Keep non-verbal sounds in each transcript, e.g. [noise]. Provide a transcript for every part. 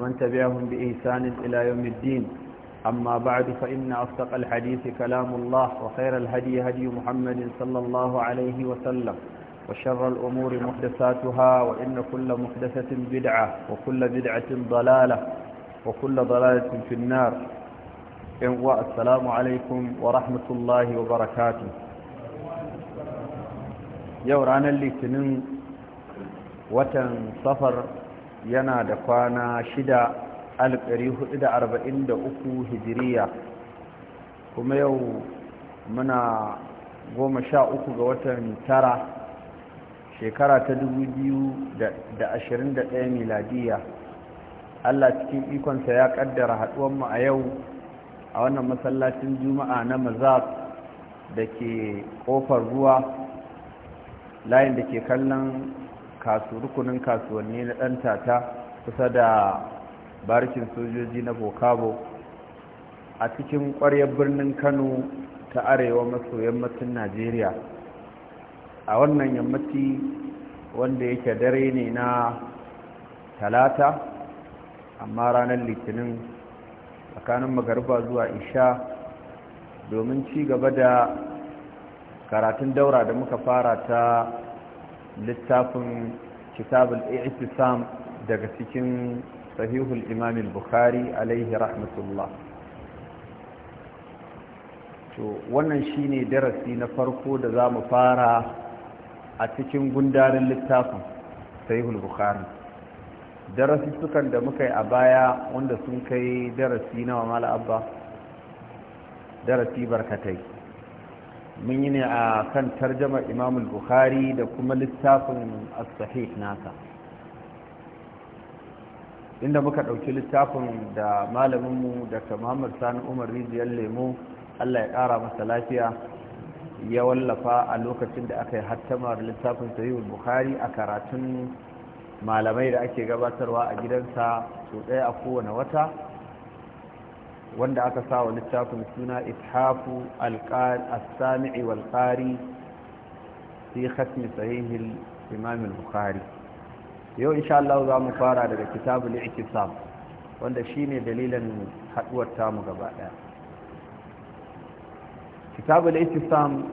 ومن تبعهم بإحسان إلى يوم الدين أما بعد فإن أصدق الحديث كلام الله وخير الهدي هدي محمد صلى الله عليه وسلم وشر الأمور محدثاتها وإن كل محدثة بدعة وكل بدعة ضلالة وكل ضلالة في النار السلام عليكم ورحمة الله وبركاته يورانا اللي تنين وتن صفر yana da kwana shida hudu da da arba'in uku hijiriya kuma yau muna goma sha uku ga watan tara shekara ta ɗaya miladiya allah cikin ikonsa ya ƙaddara haɗuwanmu a yau a wannan masallacin juma'a na mazaf da ke ƙofar ruwa layin da ke kallon kasu rukunin kasuwanni na ɗan tata kusa da barikin sojoji na bokabo a cikin ƙwaryar birnin kano ta arewa maso yammacin najeriya a wannan yammaci wanda yake dare ne na talata amma ranar litinin tsakanin magarba zuwa isha domin ci gaba da karatun daura da muka fara ta littafin kitab al-i'tisam daga cikin sahihul imam al-bukhari alaihi rahmatullah to wannan shine darasi na farko da za mu fara a cikin gundarin littafin sahihul bukhari darasi sukan da muka yi a baya wanda sun kai darasi na mamala abba darasi barkatai mun yi ne a kan tarjama imamul bukhari da kuma littafin as-sahih nasa inda muka ɗauki littafin da malaminmu daga muhammad sani umar rijiyar lemo allah ya ƙara masa lafiya ya wallafa a lokacin da aka yi hattamar littafin sahihul bukhari a karatun malamai da ake gabatarwa a gidansa sau ɗaya a kowane wata wanda aka sa wa littafin suna ithafu al-sami'i wal qari fi khatmi sahih imam al-bukhari yau insha Allah za mu fara daga kitabul iktisab wanda shine dalilan haduwar tamu gaba daya kitabul iktisam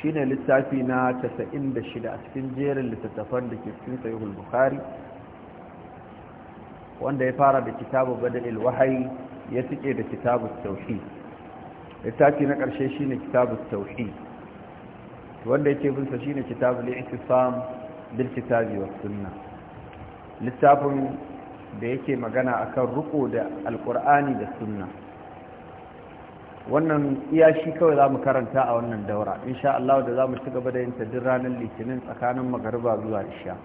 shine littafi na 96 a cikin jerin littattafan da ke cikin bukhari wanda ya fara da kitabu badal al-wahyi ya tike da kitabut tauhid littafi na ƙarshe shine kitabu tauhi wanda yake bin shi shine kitabu i'tisam bil kitabi wa Sunna, littafin da yake magana akan ruko da Alƙur'ani da sunna wannan iya shi kawai za mu karanta a wannan daura sha Allah da za mu ci gaba da yin duk ranar litinin tsakanin magariba zuwa isha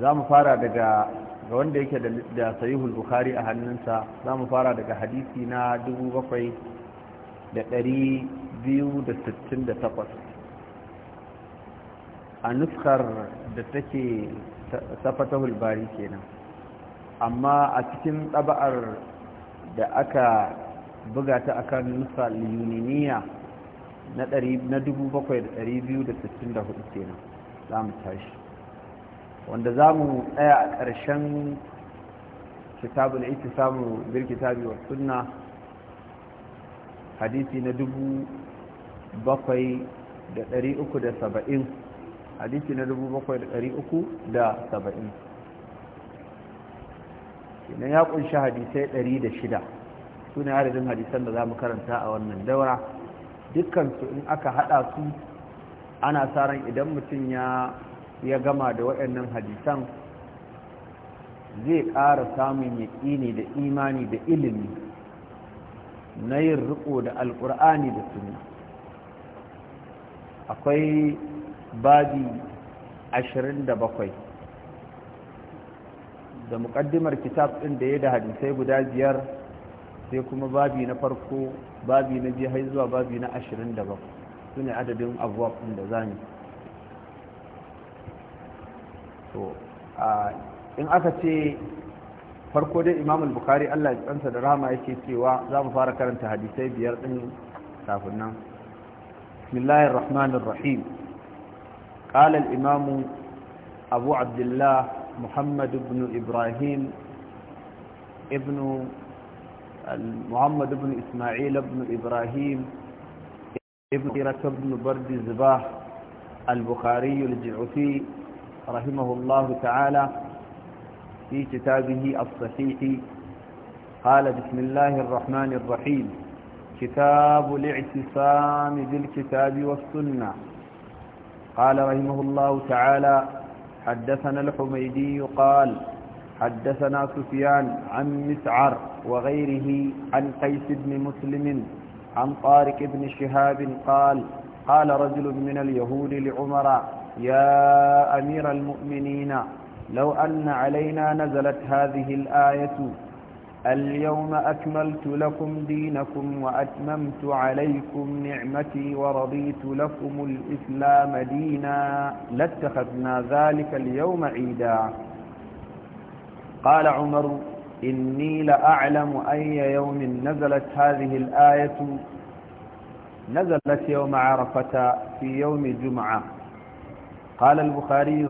za mu fara daga ga wanda yake da sahihul bukhari a hannunsa za mu fara daga hadisi na 7268 a nuskar da take safatahul bari kenan amma a cikin tsaba'ar da aka buga ta akan nusa liyuniniya na 7264 kenan za mu tashi wanda za mu tsaya a ƙarshen kitabun iti samu bir kitabi wa suna, hadisi na dubu bakwai da ɗari uku da saba'in hadisi na dubu bakwai da ɗari uku da saba'in kenan ya ƙunshi hadisai ɗari da shida su ne adadin hadisan da za mu karanta a wannan daura su in aka haɗa su ana sa ran idan mutum ya ya gama da waɗannan hadisan zai ƙara samun yaƙini da imani da ilimi na yin riƙo da alƙur'ani da sunna akwai babi 27 da muƙaddimar kitab ɗin da ya da hadisai guda biyar sai kuma babi na farko babi na jihai zuwa babi na 27 su ne adadin abuwa ɗin da zami to in aka ce farko dai imam al bukhari allah ya tsanta da rahama yake cewa za mu fara karanta hadisai biyar din kafin nan bismillahir rahmanir rahim qala al imam abu abdullah muhammad ibn ibrahim ibn muhammad ibn isma'il ibn ibrahim ابن إيرة بن برد الزباح البخاري الجعفي رحمه الله تعالى في كتابه الصحيح قال بسم الله الرحمن الرحيم كتاب الاعتصام بالكتاب والسنة قال رحمه الله تعالى حدثنا الحميدي قال حدثنا سفيان عن مسعر وغيره عن قيس بن مسلم عن طارق بن شهاب قال قال رجل من اليهود لعمر يا أمير المؤمنين لو أن علينا نزلت هذه الآية اليوم أكملت لكم دينكم وأتممت عليكم نعمتي ورضيت لكم الإسلام دينا لاتخذنا ذلك اليوم عيدا قال عمر إني لأعلم أي يوم نزلت هذه الآية نزلت يوم عرفة في يوم جمعة قال البخاري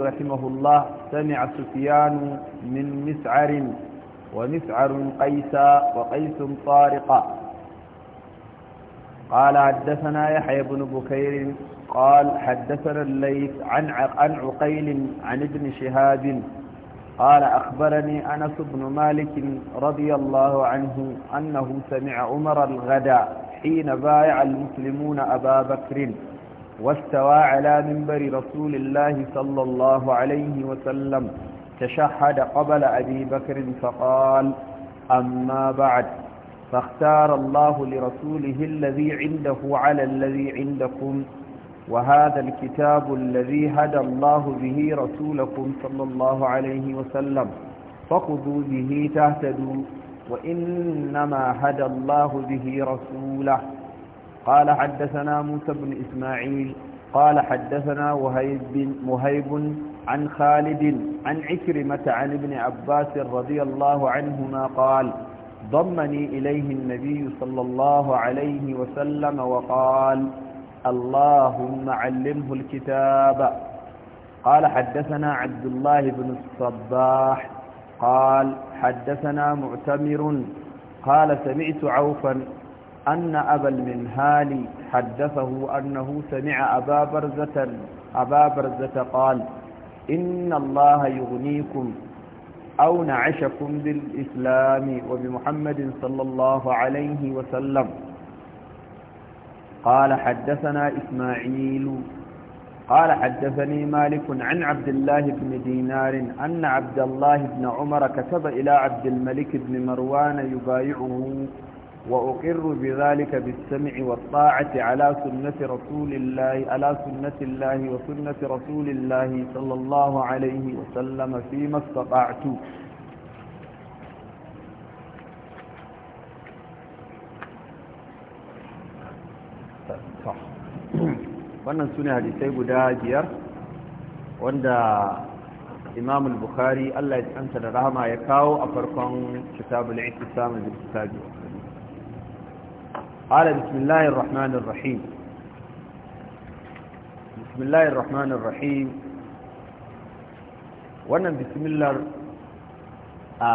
رحمه الله سمع سفيان من مسعر ومسعر قيس وقيس طارق قال حدثنا يحيى بن بكير قال حدثنا الليث عن عن عقيل عن ابن شهاب قال أخبرني أنس بن مالك رضي الله عنه أنه سمع عمر الغدا حين بايع المسلمون أبا بكر واستوى على منبر رسول الله صلى الله عليه وسلم تشهد قبل أبي بكر فقال أما بعد فاختار الله لرسوله الذي عنده على الذي عندكم وهذا الكتاب الذي هدى الله به رسولكم صلى الله عليه وسلم فقضوا به تهتدوا وإنما هدى الله به رسوله قال حدثنا موسى بن إسماعيل قال حدثنا وهيب مهيب عن خالد عن عكرمة عن ابن عباس رضي الله عنهما قال ضمني إليه النبي صلى الله عليه وسلم وقال اللهم علمه الكتاب قال حدثنا عبد الله بن الصباح قال حدثنا معتمر قال سمعت عوفا أن أبا المنهال حدثه أنه سمع أبا برزة, أبا برزة قال إن الله يغنيكم أو نعشكم بالإسلام وبمحمد صلى الله عليه وسلم قال حدثنا إسماعيل قال حدثني مالك عن عبد الله بن دينار أن عبد الله بن عمر كتب إلى عبد الملك بن مروان يبايعه وأقر بذلك بالسمع والطاعة على سنة رسول الله على سنة الله وسنة رسول الله صلى الله عليه وسلم فيما استطعت wannan su hadisai guda biyar wanda imam al-bukhari Allah ya tsanta da rahama ya kawo a farkon kitabul iktisam al-kitabi قال بسم الله الرحمن الرحيم بسم الله الرحمن الرحيم wannan bismillah a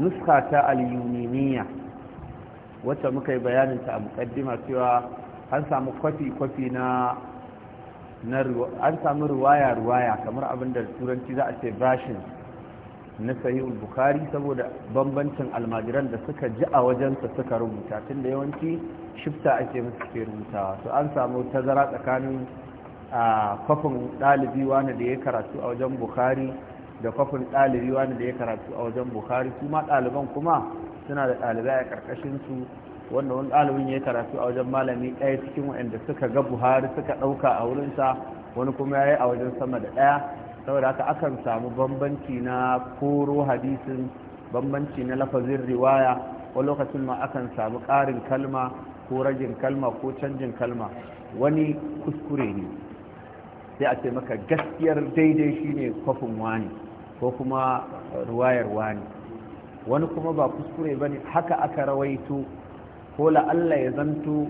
nuska ta al-yuniniya wacce muka yi bayaninta a mukaddima cewa an samu kwafi-kwafi na an samu ruwaya-ruwaya kamar abin da turanci za a ce versions na sahihul bukari saboda bambancin almajiran da suka ji a wajensa suka rubuta tun da yawanci shifta ake musu ke rubutawa to an samu tazara tsakanin a kwafin ɗalibi wani da ya karatu a wajen bukhari da kwafin ɗalibi wani da ya karatu a wajen bukhari su ma ɗaliban kuma suna da ɗalibai a ƙarƙashin su wanda wani ɗalibin ya karatu a wajen malami ɗaya cikin waɗanda suka ga buhari suka ɗauka a wurinsa wani kuma ya yi a wajen sama da ɗaya saboda haka akan samu bambanci na koro hadisin bambanci na lafazin riwaya ko lokacin ma akan samu ƙarin kalma ko ragin kalma ko canjin kalma wani kuskure ne sai a ce maka gaskiyar daidai shine kwafin wani ko kuma ruwayar wani wani kuma ba kuskure ba ne haka aka rawaito ko la'alla ya zanto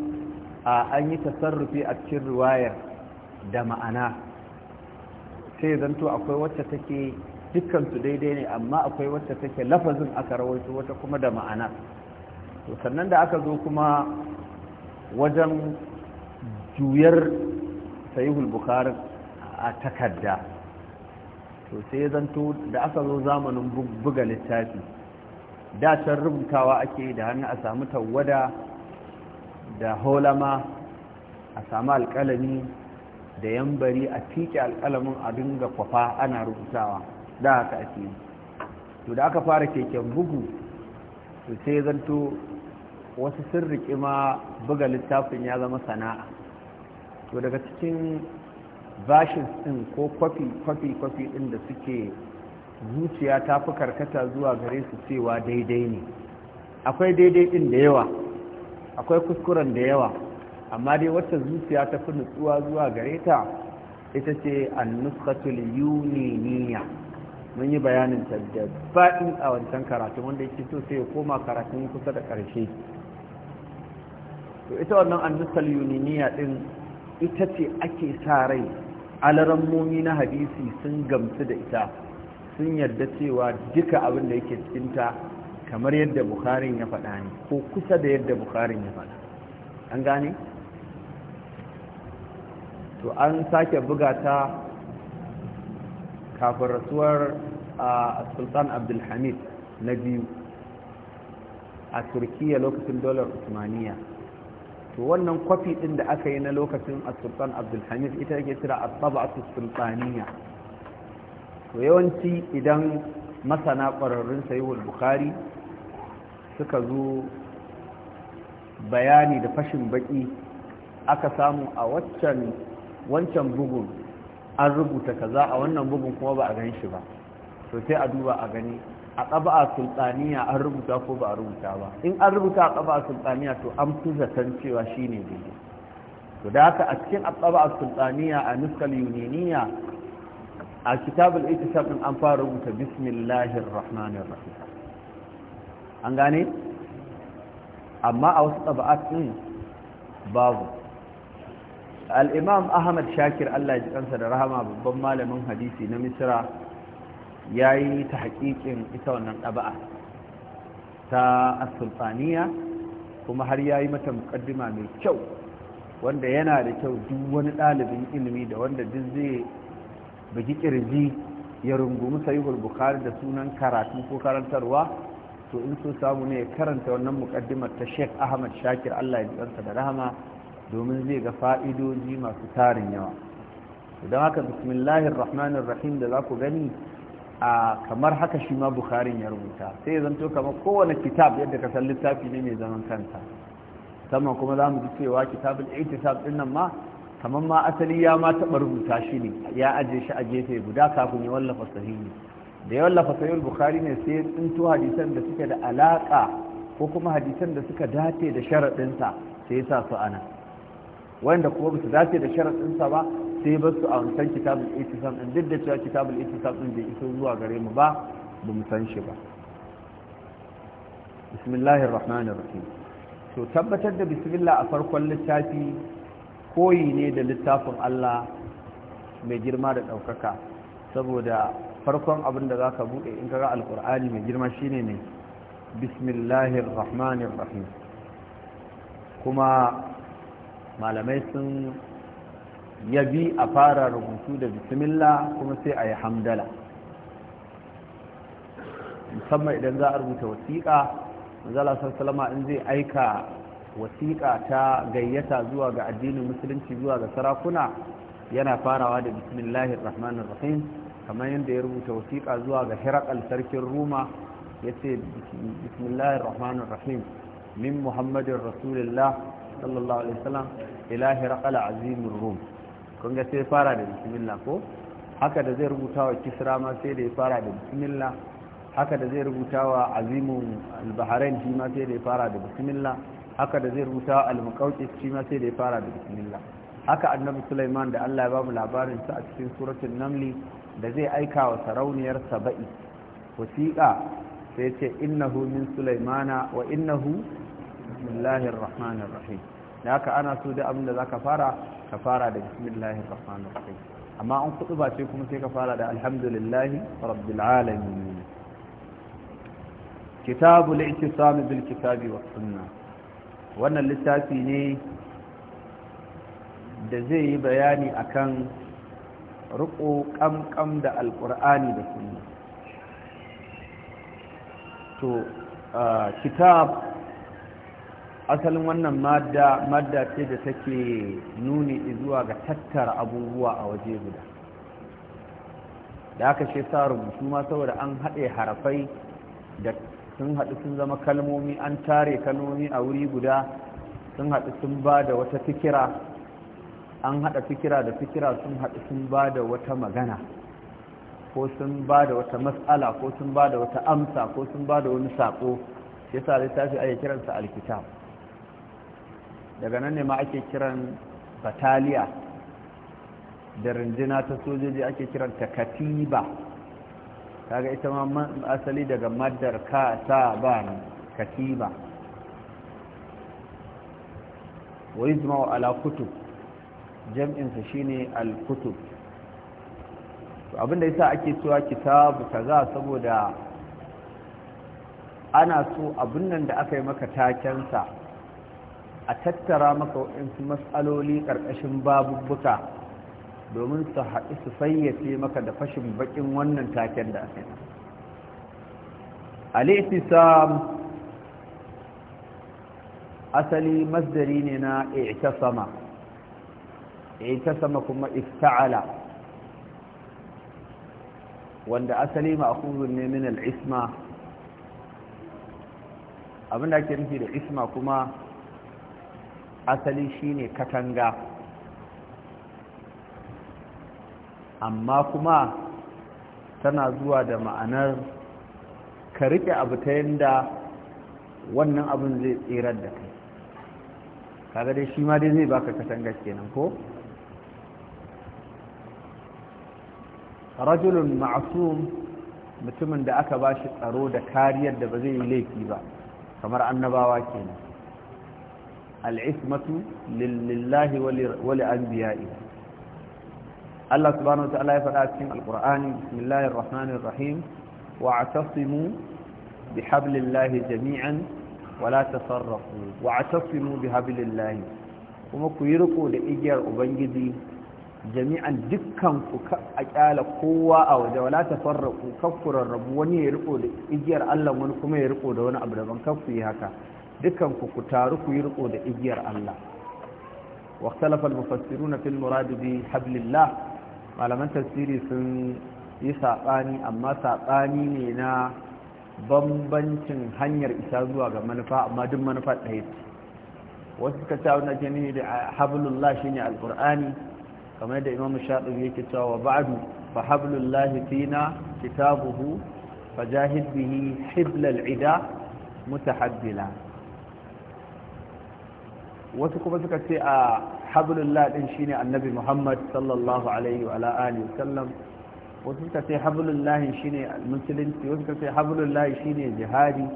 a an yi tasarrufi a cikin ruwayar da ma'ana sai zanto akwai wacce take dukkan daidai ne amma akwai wacce take lafazin aka rawaito wata kuma da ma'ana to sannan da aka zo kuma wajen juyar sahihul bukhari a takarda to sai zanto da aka zo zamanin buga littafi da can rubutawa ake da hannu a samu tawwada da holama a samu alƙalami da yambari a tike alƙalamin a dinga kwafa ana rubutawa da haka ake yi to da aka fara keken bugu to sai zanto wasu sun riƙi ma buga littafin ya zama sana'a to daga cikin bashin ɗin ko kwafi kwafi kwafi ɗin da suke zuciya ta fi karkata zuwa gare su cewa daidai ne akwai daidai ɗin da yawa akwai kuskuren da yawa amma dai wacce zuciya ta fi nutsuwa zuwa gare ta ita ce annuskatul yuniniya mun yi bayanin ta da faɗi a wancan karatu wanda yake so sai ya koma karatun kusa da ƙarshe to ita wannan annuskal yuniniya din ita ce ake sa rai alarammomi na hadisi sun gamsu da ita sun yarda cewa duka abin da yake cikinta kamar yadda bukharin ya faɗa ne ko kusa da yadda bukharin ya faɗa an gane to an sake buga ta kafin rasuwar a sultan abdulhamid na biyu a turkiya lokacin dolar usmaniya to wannan kwafi din da aka yi na lokacin sultan abdulhamid ita yake kira asabatu sultaniya to yawanci idan masana ƙwararrun sayuwar bukhari suka zo bayani da fashin baki aka samu a waccan wancan bugun an rubuta kaza a wannan bugun kuma ba a gan shi ba to sai a duba a gani a ƙaba'a sultaniya an rubuta ko ba a rubuta ba in an rubuta a ƙaba'a sultaniya to an fi zaton cewa shi ne daidai to da haka a cikin a ƙaba'a sultaniya a nuskal yuniniya a kitabul itisab an fara rubuta bismillahir rahmanir rahim an gane amma a wasu ƙaba'at din babu al'imam ahmad shakir allah ya kansa da rahama babban malamin hadisi na misira ya yi ta haƙiƙin ita wannan ɗaba'a ta asulfaniya kuma har ya yi mata muƙaddima mai kyau wanda yana da kyau duk wani ɗalibin ilimi da wanda duk zai bugi ƙirji ya rungumi sahihul bukhari da sunan karatu ko karantarwa to in so samu ne ya karanta wannan muƙaddimar ta sheikh ahmad shakir allah ya kansa da rahama domin zai ga fa'idoji masu tarin yawa idan haka bismillahir rahmanir rahim da za ku gani a kamar haka shi ma bukharin ya rubuta sai ya zanto kamar kowane kitab yadda ka san littafi ne mai zaman kanta saman kuma za mu ji cewa kitabin itisab din nan ma kamar ma asali ya ma taɓa rubuta shi ne ya aje shi a gefe guda kafin ya wallafa sahihi da ya wallafa sahihul bukhari ne sai tsinto hadisan da suke da alaka ko kuma hadisan da suka dace da sharaɗinsa sai ya sa su ana wanda kuma ba su dace da sharaɗinsa ba sai ba su a san kitabul itisam din duk da cewa kitabul itisam din bai iso zuwa gare mu ba ba mu san shi ba bismillahir rahmanir rahim to tabbatar da bismillah a farkon littafi koyi ne da littafin Allah mai girma da ɗaukaka saboda farkon abin da za ka buɗe in kaga alƙur'ani mai girma shine ne bismillahir rahmanir rahim kuma malamai sun yabi a fara rubutu da bismillah kuma sai a yi hamdala musamman idan za a rubuta wasiƙa mazala sallama in zai aika wasiƙa ta gayyata zuwa ga addinin musulunci zuwa ga sarakuna yana farawa da bismillah rahmanir rahim kamar yadda ya rubuta wasiƙa zuwa ga hirakal sarkin ruma ya ce bismillah rahmanir rahim min muhammadin rasulillah sallallahu alaihi wasallam ilahi raqal azimur rum kun ga sai fara da bismillah ko haka da zai rubuta wa kisra ma sai da ya fara da bismillah haka da zai rubuta wa azimun al shi ma sai da ya fara da bismillah haka da zai rubuta wa almuqawqi shi ma sai da ya fara da bismillah haka annabi Sulaiman da Allah ya ba mu labarin sa a cikin suratul namli da zai aika wa sarauniyar saba'i wasiqa sai ya ce innahu min sulaimana wa innahu bismillahir rahmanir rahim da haka ana so da abin da zaka fara ka fara da bismillahir rahmanir rahim amma an kudu ba ce kuma sai ka fara da alhamdulillahi rabbil alamin kitabul i'tisam bil kitabi wa sunnah wannan littafi ne da zai yi bayani akan riko kamkam da alkur'ani da sunna to ah, kitab asalin wannan madda madda ce da take nuni zuwa ga tattara abubuwa a waje guda da aka shi sa rubutu ma saboda an haɗe harafai da sun haɗu sun zama kalmomi an tare kalmomi a wuri guda sun haɗu sun ba da wata fikira an haɗa fikira da fikira sun haɗu sun ba da wata magana ko sun ba da wata matsala ko sun ba da wata amsa ko sun ba da wani saƙo shi sa littafi yi kiransa alkitab daga nan ne ma ake kiran bataliya da rinjina ta sojoji ake kiranta katiba kaga ita ma asali daga maddar ka ta ba katiba wa yuzma'u ala kutub jam'insa shine al-kutub to abinda yasa ake cewa kitabu kaza saboda ana so abin nan da aka yi maka takensa a tattara maka waɗansu matsaloli ƙarƙashin babubbuka domin su haɗu su fayyace maka da fashin baƙin wannan taken da aka yi al'isam asali masdari ne na ita sama kuma ifta'ala wanda asali ma'khuzun ne min al abinda ake nufi da isma kuma asali shine katanga amma kuma tana zuwa da ma'anar ka riƙe abu ta yadda wannan abin zai tserar da kai kaga dai shi ma dai zai baka katanga kenan ko rajulun ma'asum mutumin da aka bashi tsaro da kariyar da ba zai yi laifi ba kamar annabawa kenan al'ismatu lillahi wali anbiya'i Allah subhanahu wa ta'ala ya faɗa cikin alqur'ani bismillahir rahmanir rahim wa'tasimu bihablillahi jami'an wala tafarraqu wa'tasimu bihablillahi kuma ku yi riko da igiyar ubangiji jami'an dukkan ku a ƙyala, kowa a waje wala tafarraqu kakkurar rabu wani ya riko da igiyar Allah wani kuma ya riko da wani abu daban kakku yi haka dukanku ku taru ku yi riko da igiyar Allah واختلف المفسرون في المراد بحبل الله malaman tafsiri sun yi saɓani amma saɓani ne na bambancin hanyar isa zuwa ga manufa amma duk manufa ɗaya ce wasu suka ta wani jini da hablullah shi ne alƙur'ani kamar da imam shaɗin yake cewa ba'adu fa hablullah fina kitabuhu fa jahid bihi hiblal ida mutahabbila wasu kuma suka ce a hablullah din shine annabi muhammad sallallahu alaihi wa alihi wasallam wasu suka ce shi shine musulunci wasu suka ce shi shine jihadi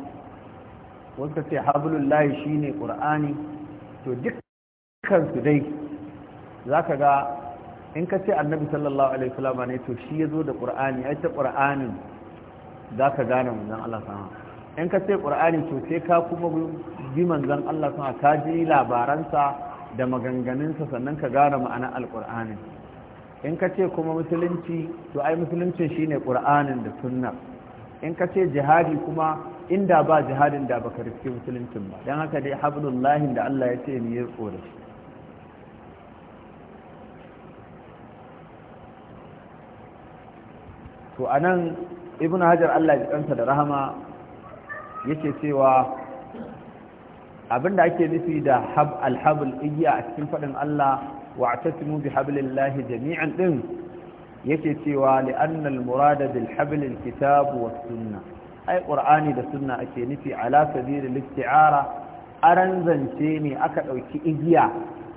wasu suka ce shi shine qur'ani to dukkan su dai zaka ga in ka ce annabi sallallahu alaihi sallam ne to shi yazo da qur'ani ai ta qur'anin zaka gane wannan Allah sama in ka ce ƙur'ani to sai ka kuma bi manzan Allah sama ka ji labaransa da maganganunsa sannan ka gane ma'ana alƙur'anin in ka ce kuma musulunci to ai musulunci shine ƙur'anin da sunna in ka ce jihadi kuma inda ba jihadin da baka riske musuluncin ba don haka dai habdullahi da Allah ya ce ni ya tsore shi to anan ibnu hajar Allah ya kansa da rahama yake cewa abinda ake nufi da hab alhabul igiya a cikin fadin Allah wa atatimu bi hablillahi jami'an din yake cewa li'anna almurada bil habl alkitab wa sunna ai qur'ani da sunna ake nufi ala sabil al-isti'ara aran zance ne aka dauki igiya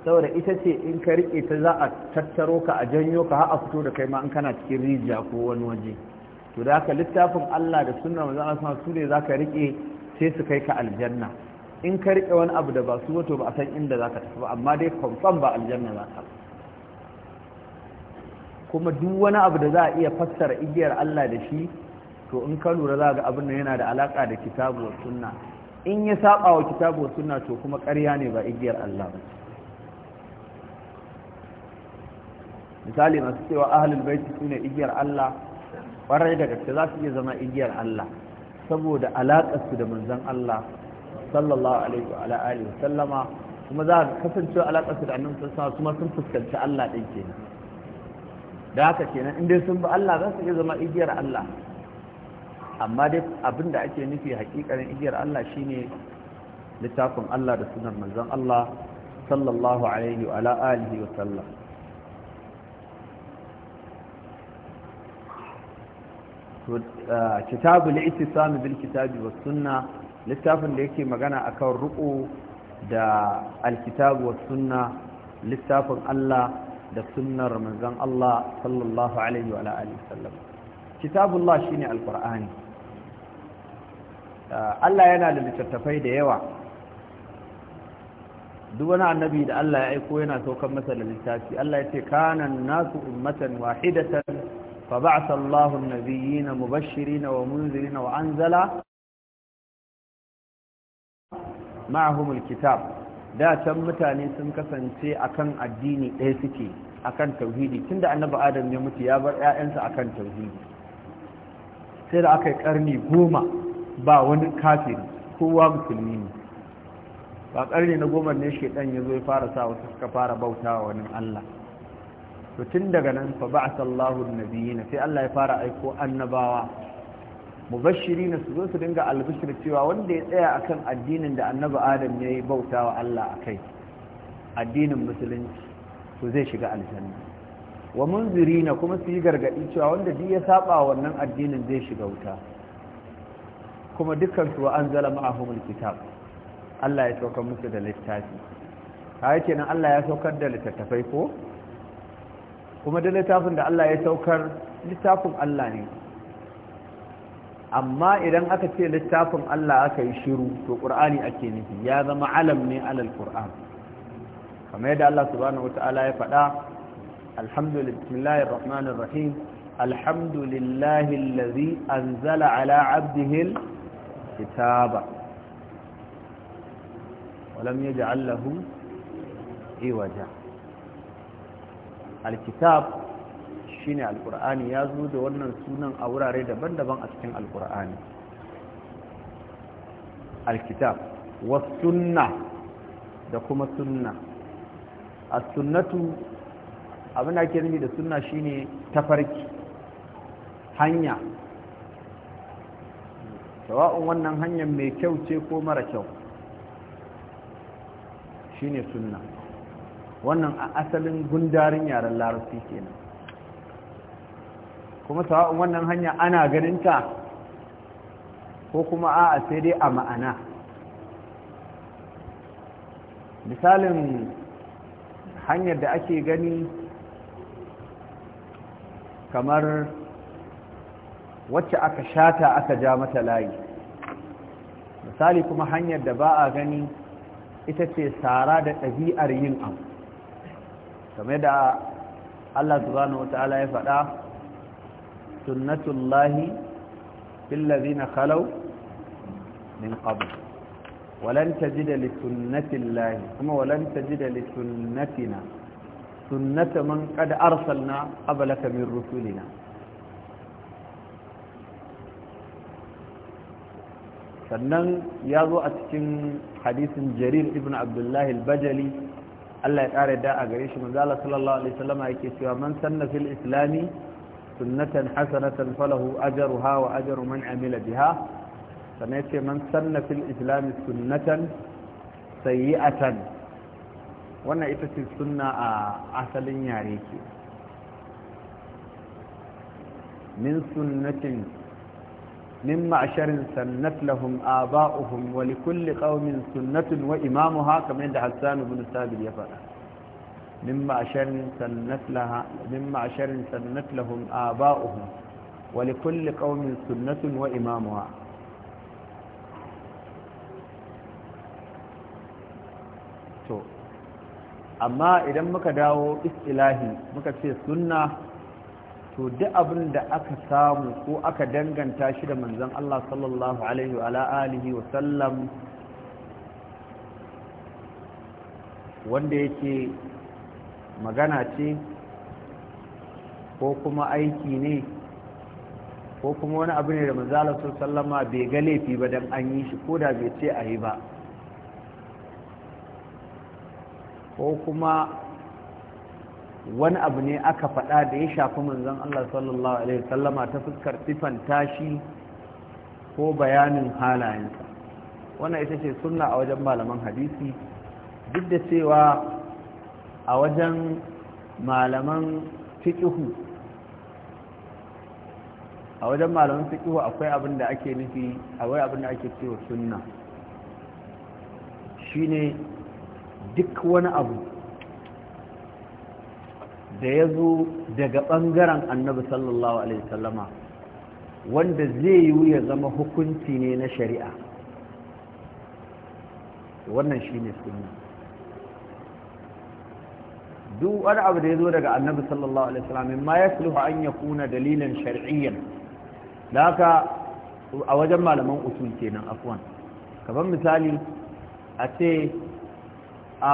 saboda ita ce in ka rike ta za a tattaro ka a janyo ka har a fito da kai ma in kana cikin rijiya ko wani waje to da haka littafin Allah da sunna manzo Allah sama su ne zaka rike sai su kai ka aljanna in ka rike wani abu da ba su wato ba a san inda zaka tafi ba amma dai confirm ba aljanna za ka kuma duk wani abu da za a iya fassara igiyar Allah da shi to in ka lura za ga abin nan yana da alaka da kitabu wa sunna in ya saba wa kitabu wa sunna to kuma ƙarya ne ba igiyar Allah ba misali masu cewa ahlul baiti sune igiyar Allah ƙwarai da gaske za su iya zama igiyar Allah saboda alaƙarsu da manzan Allah sallallahu alaihi wa alihi wa sallama kuma za a kasance alaƙarsu da annabi sallallahu kuma sun fuskanci Allah din kenan da haka kenan in dai sun bi Allah za su iya zama igiyar Allah amma dai abin da ake nufi hakikanin igiyar Allah shine littafin Allah da sunan manzan Allah sallallahu alaihi wa alihi wa sallam kitabu li'tisami bil kitabi wa sunna littafin da yake magana akan ruku da alkitabu wa sunna littafin Allah da sunnar manzon Allah sallallahu alaihi wa alihi sallam kitabullah shine alkur'ani Allah yana da littattafai da yawa duk wani annabi da Allah ya aiko yana saukar masa da littafi Allah ya ce kana nasu ummatan wahidatan فبعث الله النبيين مبشرين ومنذرين وأنزل معهم الكتاب da can mutane sun kasance akan addini ɗaya suke akan tauhidi tunda annabi adam ya mutu ya bar ƴaƴansa akan tauhidi sai da aka yi ƙarni goma ba wani kafiri kowa musulmi ne ba ƙarni na goma ne shaidan ya zo ya fara sa wasu suka fara bauta wa wani Allah to tun daga nan fa ba'atha Allahu an-nabiyina sai Allah ya fara aiko annabawa Mu mubashirin su zo su dinga albishir cewa wanda ya tsaya a kan addinin da annabi Adam ya yi bautawa Allah akai addinin musulunci to zai shiga aljanna wa munzirina kuma su yi gargadi cewa wanda duk ya saba wannan addinin zai shiga wuta kuma dukkan su an zala ma'ahumul kitab Allah ya saukar musu da littafi a yake nan Allah ya saukar da littattafai ko kuma da littafin da Allah ya saukar littafin Allah ne amma idan aka ce littafin Allah aka yi shiru to ƙur'ani ake nufi ya zama alam ne alal ƙur'an kamar yadda Allah subhanahu wata'ala ya faɗa alhamdulillahi rahmanir rahim alhamdulillahi allazi anzala ala abdihi kitaba wa lam yaj'al lahu iwaja alkitab shine alkur'ani ya zo da wannan sunan a wurare daban-daban a cikin alkur'ani alkitab wasunna da kuma sunna a sunnatu abin da ake nufi da sunna shine tafarki hanya sawa'un wannan hanyar mai kyau ce ko mara kyau shine sunna wannan a asalin gundarin yaren larabci kenan kuma sawa'un wannan hanya ana ganinta ko kuma a'a sai dai a ma'ana misalin hanyar da ake gani kamar wacce aka shata aka ja mata layi misali kuma hanyar da ba a gani ita ce tsara da ɗabi'ar yin abu kame da Allah subhanahu wata'ala ya faɗa sunnatullahi na khalaw min qabl walan tajida li sunnatillahi kuma walan tajida li sunnatina sunnata man qad arsalna qablaka min rusulina sannan ya zo a cikin hadisin jarir ibn abdullahi al-bajali Allah ya ƙara da a gare shi manzo Allah sallallahu alaihi wasallam yake cewa man sanna fil islami sunnatan hasanatan falahu ajruha wa ajru man amila biha sanai yace man sanna fil islami sunnatan sayyi'atan wannan ita ce sunna a asalin yare ke min sunnatin min ma'asharin sannat lahum aba'uhum wa likulli qaumin sunnatun wa imamuha kamar yadda Hassan ibn Sabir ya faɗa min ma'asharin sannat laha min ma'asharin sannat lahum aba'uhum wa likulli qaumin sunnatun wa imamuha to amma idan muka dawo istilahi muka ce sunna to duk abin da aka samu ko aka danganta shi da manzon Allah sallallahu alaihi wa alihi wa sallam wanda yake magana ce ko kuma aiki ne ko kuma wani abu ne da manzala sun sallama bai ga laifi ba don an yi shi ko da bai ce a yi ba ko kuma wani abu ne aka faɗa da ya shafi manzon Allah sallallahu alaihi wasallama ta fuskar tifan tashi ko bayanin halayensa wannan ita ce sunna a wajen malaman hadisi duk da cewa a wajen malaman fiƙihu a wajen malaman fiƙihu akwai abin da ake nufi akwai abin da ake cewa sunna shine duk wani abu da ya zo daga ɓangaren annabi sallallahu alaihi wasallama wanda zai yi ya zama hukunci ne na shari'a wannan shi ne sunna duk wani abu da ya zo daga annabi sallallahu alaihi ma ya sulhu an ya kuna dalilin shari'iyyar da haka a wajen malaman usul kenan afwan kaban misali a ce a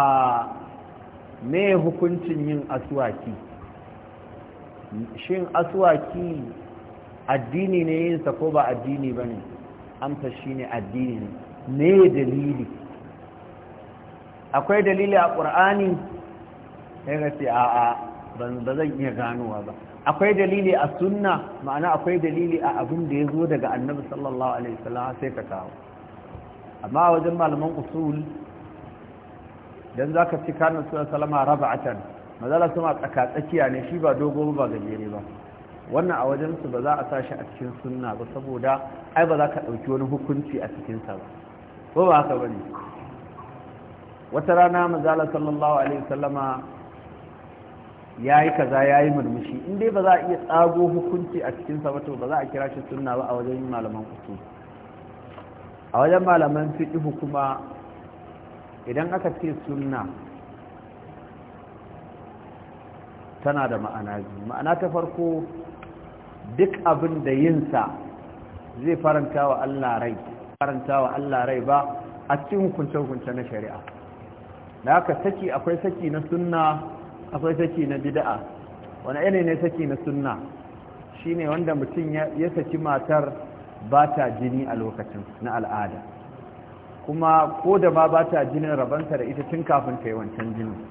me hukuncin yin aswaki shin aswaki addini ne yinsa ko ba addini ba ne amsa shi ne addini ne me dalili akwai dalili a ƙur'ani ya gace a'a ba zan iya ganowa ba akwai dalili a sunna ma'ana akwai dalili a abin da ya zo daga annabi sallallahu alaihi wasallam sai ka kawo amma wajen malaman usul dan zaka ci kana sallallahu alaihi wasallam raba'atan mazala kuma tsaka tsakiya ne shi ba dogo ba gajere ba wannan a wajen su ba za a sashi a cikin sunna ba saboda ai ba za ka dauki wani hukunci a cikin sa ba ko ba haka bane wata rana mazala sallallahu alaihi Sallama, ya yi kaza ya yi murmushi in dai ba za a iya tsago hukunci a cikin sa to ba za a kira shi sunna ba a wajen malaman usul a wajen malaman fiqh kuma idan aka ce sunna tana da ma'ana biyu ma'ana ta farko duk abin da yinsa zai faranta wa Allah rai faranta wa Allah rai ba a cikin hukunce-hukunce na shari'a da haka saki akwai saki na sunna akwai saki na bid'a wani yanayi ne saki na sunna shine wanda mutum ya saki matar ba ta jini a lokacin na al'ada kuma ko da ma ba ta jinin rabanta da ita tun kafin ta yi wancan jinin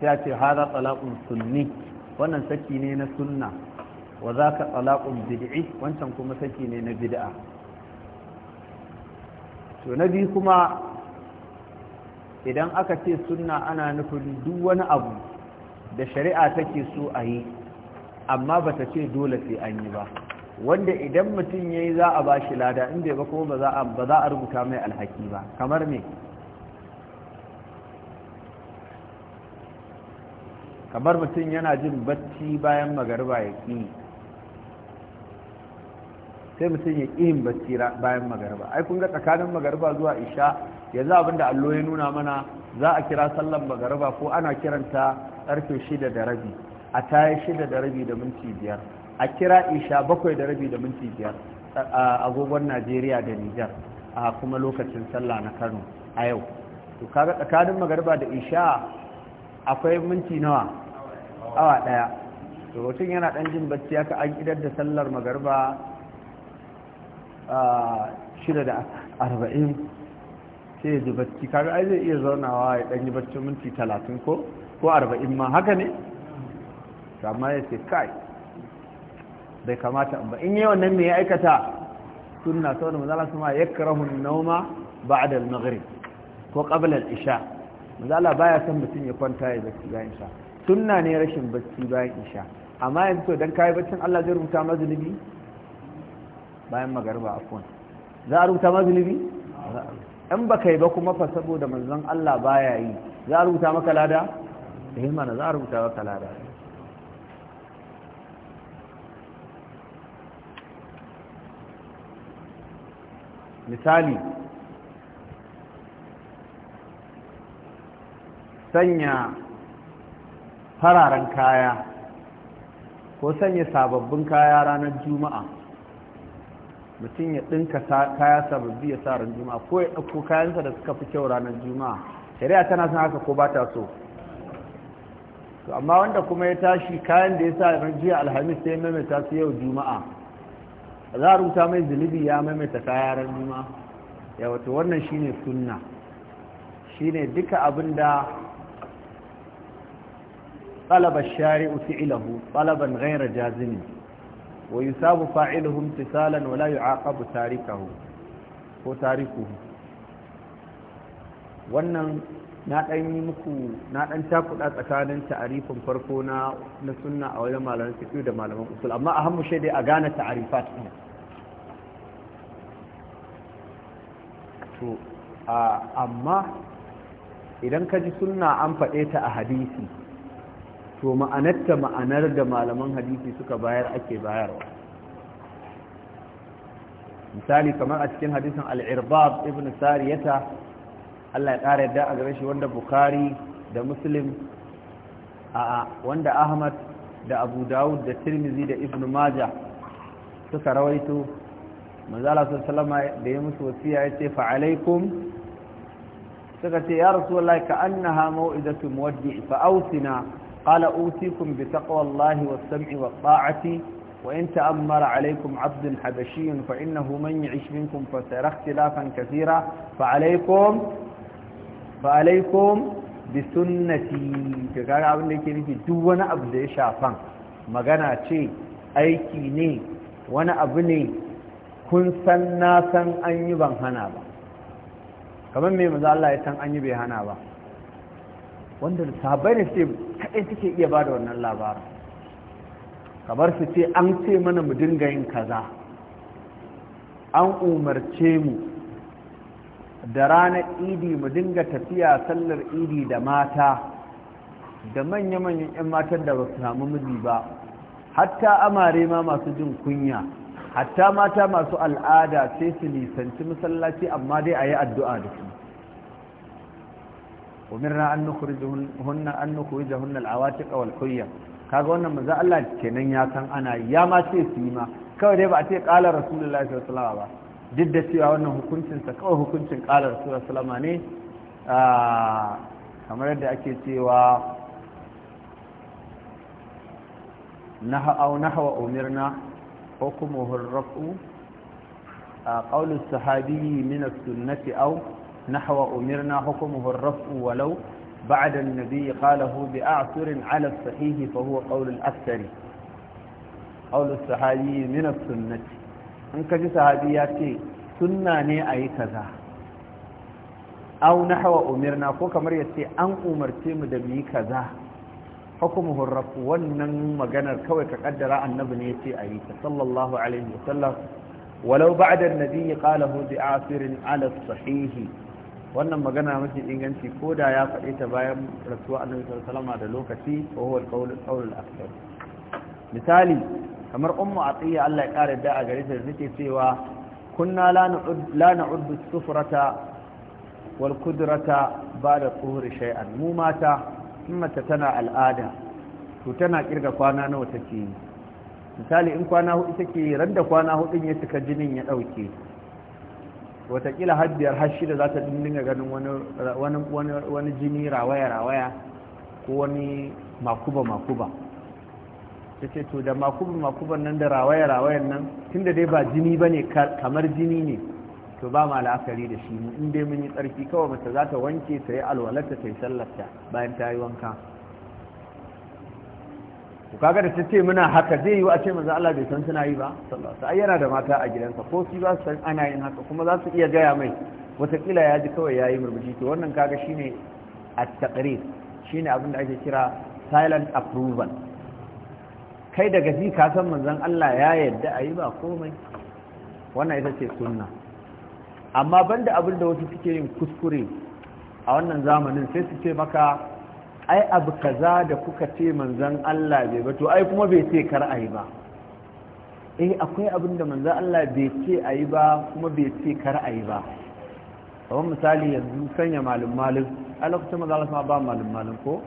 sai a ce hada tsalaƙun sunni wannan saki ne na sunna wa za ka tsalaƙun, bid'i wancan kuma saki ne na bid'a to na biyu kuma idan aka ce sunna ana nufin duk wani abu da shari'a take so a yi amma bata ce dole sai an yi ba wanda idan mutum ya yi za a ba shi lada inda ba kuma ba za a rubuta mai alhaki ba kamar ne kamar mutum yana jin bacci bayan magarba ya ƙi sai mutum ya ƙi bacci bayan magarba ai kun ga tsakanin magarba zuwa isha yanzu abinda allo ya nuna mana za a kira sallan magarba ko ana kiranta ƙarfe shida da rabi a taya shida da rabi da minti biyar a kira isha bakwai da rabi da minti biyar a agogon najeriya da nijar a kuma lokacin sallah na kano a yau to kaga tsakanin magarba da isha akwai minti nawa awa daya to mutum yana dan jin bacci aka an idar da sallar magarba a shida da arba'in sai ya ji bacci kaga ai zai iya zaunawa ya dan yi bacci minti talatin ko ko arba'in ma haka ne amma ya ce kai bai kamata ba in yi wannan mai aikata suna saboda su ma ya karahu nauma a dal maghrib ko qabla isha manzala baya son mutum ya kwanta ya bacci bayan isha suna ne rashin bacci bayan isha amma yanzu to dan kayi baccin Allah zai rubuta ma zunubi bayan magariba afwan za a rubuta ma zunubi in ba kai ba kuma fa saboda manzon Allah baya yi za a rubuta maka lada eh za a rubuta maka lada misali sanya fararen kaya ko sanya sababbin kaya ranar juma'a mutum ya ɗinka kaya sababbi ya sa ran juma'a ko ya ɗauko kayansa da suka fi kyau ranar juma'a shari'a tana son haka ko ba ta so to amma wanda kuma ya tashi kayan da ya sa ran jiya alhamis sai maimaita su yau juma'a za a rubuta mai zunubi ya maimaita kayaran nima ya wato wannan shine sunna shine duka abin da qalaba shari'u fi'lahu qalaban ghayra jazimi wa yusabu fa'iluhu imtisalan wa yu'aqabu tarikahu ko tarikuhu wannan na ɗan yi muku na ɗan cakuɗa tsakanin ta'arifin farko na na sunna a wajen malaman fiqh da malaman usul amma a hannu shaidai a gane ta'arifat ɗin to amma idan ka ji sunna an faɗe ta a hadisi to ma'anarta ma'anar da malaman hadisi suka bayar ake bayarwa misali kamar a cikin hadisin alirbab irbab ibn sariyata Allah ya ƙara yadda a gare shi wanda bukari da Muslim a wanda Ahmad da Abu Dawud da Tirmizi da Ibn maja suka rawaito manzala sallama da ya musu wasiya ya ce fa suka ce ya rasulullahi ka annaha mau'izatu muwaddi fa ausina qala utikum bi taqwallahi was-sam'i wat-ta'ati wa in ta'ammara alaikum 'abdun habashi fa innahu man ya'ish minkum fa sayara ikhtilafan katira fa alaikum Ba alaikum bi sunnati to kaga abin da yake nufi duk wani abu da ya shafan magana ce aiki ne wani abu ne kun san na san an yi ban hana ba kamar mai maza Allah ya san an yi bai hana ba wanda sahabbai ne ce kaɗai suke iya ba da wannan labarin kamar su ce an ce mana mu dinga yin kaza an umarce mu da ranar idi mu dinga tafiya sallar idi da mata da manya-manyan 'yan matan da ba su samu miji ba hatta amare ma masu jin kunya hatta mata masu al'ada sai su nisanci masallaci amma dai a yi addu'a da su umirna an nukurijahunna an nukurijahunna al'awatiqa wal khuyya kaga wannan manzo Allah kenan ya san ana ya ma ce su yi ma kawai dai ba a ce qala rasulullahi sallallahu alaihi wasallam ba duk da cewa wannan hukuncinsa kawai hukuncin ƙalar sura salama ne kamar yadda ake cewa nahawa umirna ko kuma hurrafu a ƙaunar sahabi minas sunnati au nahawa umirna hukumuhu rafu walau بعد النبي قاله بأعثر على الصحيح فهو قول الأكثر قول الصحابي من السنة in ka ji sahabi ya ce sunna ne a yi kaza au hawa umirna ko kamar ya ce an umarce mu da mu yi kaza hukumuhu rafu wannan maganar kawai ka kaddara annabi ne ya ce a yi ta sallallahu alaihi wasallam walau ba'da annabi qalahu bi asirin ala sahihi wannan magana mafi inganci ko da ya faɗi ta bayan rasuwa annabi sallallahu alaihi wasallam da lokaci ko huwa alqawl alqawl misali kamar ummu atiya Allah ya kare da a gare ta take cewa kunna la na'uddu sufrata wal kudrata ba da tsohuri shay'an mu mata in tana al'ada to tana kirga kwana nawa take misali in kwana hudu take randa ran da kwana hudu ya cika jinin ya dauke watakila har biyar har shida za ta dinga ganin wani wani jini rawaya rawaya ko wani makuba makuba ta ce to da makubin makuban nan da rawaye rawayen nan tun da dai ba jini ba ne kamar jini ne to ba ma la'akari da shi in dai mun yi tsarki kawai mace za ta wanke ta yi alwalarta ta yi sallarta bayan ta yi wanka ku kaga da ta ce muna haka zai yi a ce maza Allah bai san suna yi ba sallallahu alaihi yana da mata a gidansa ko su ba su san ana yin haka kuma za su iya gaya mai watakila ya ji kawai ya yi murmushi to wannan kaga shine at-taqrir shine abin da ake kira silent approval kai daga ji ka san manzon Allah ya yadda a yi ba komai wannan ita ce sunna amma banda abin da wasu suke yin kuskure a wannan zamanin sai su ce maka ai abu kaza da kuka ce manzon Allah bai ba to ai kuma bai ce kar a yi ba eh akwai abin da manzon Allah bai ce a yi ba kuma bai ce kar a yi ba kamar misali yanzu sanya malum malum a lokacin manzon Allah ba malum malum ko